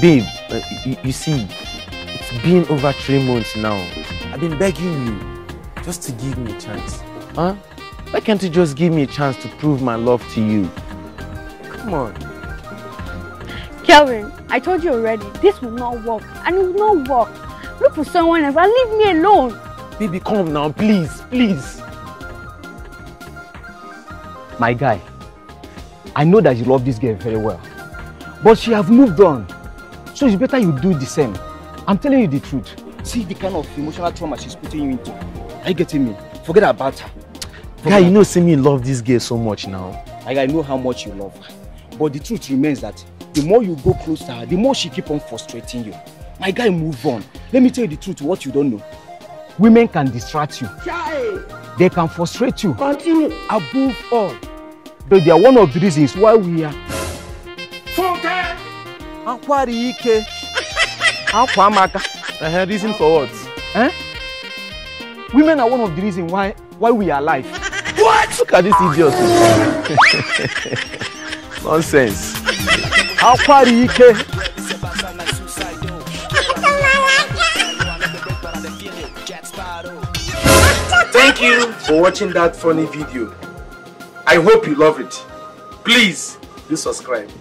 Babe, uh, you, you see, it's been over three months now. I've been begging you just to give me a chance. Huh? Why can't you just give me a chance to prove my love to you? Come on. Kelvin, I told you already, this will not work. And it will not work. Look for someone else and leave me alone. Baby, come now, please, please. My guy, I know that you love this girl very well. But she has moved on. So it's better you do the same. I'm telling you the truth. See the kind of emotional trauma she's putting you into. Are you getting me? Forget about her. Forget Guy, you know, see me love this girl so much now. Like, I know how much you love her. But the truth remains that the more you go close to her, the more she keep on frustrating you. My guy, move on. Let me tell you the truth, what you don't know. Women can distract you. Chai. They can frustrate you. Continue. Above all, but they are one of the reasons why we are akwari ike akwa amaka uh, reason for what eh? women are one of the reason why why we are alive what look at this idiot nonsense akwari ike Thank you for watching that funny video. I hope you love it. Please do subscribe.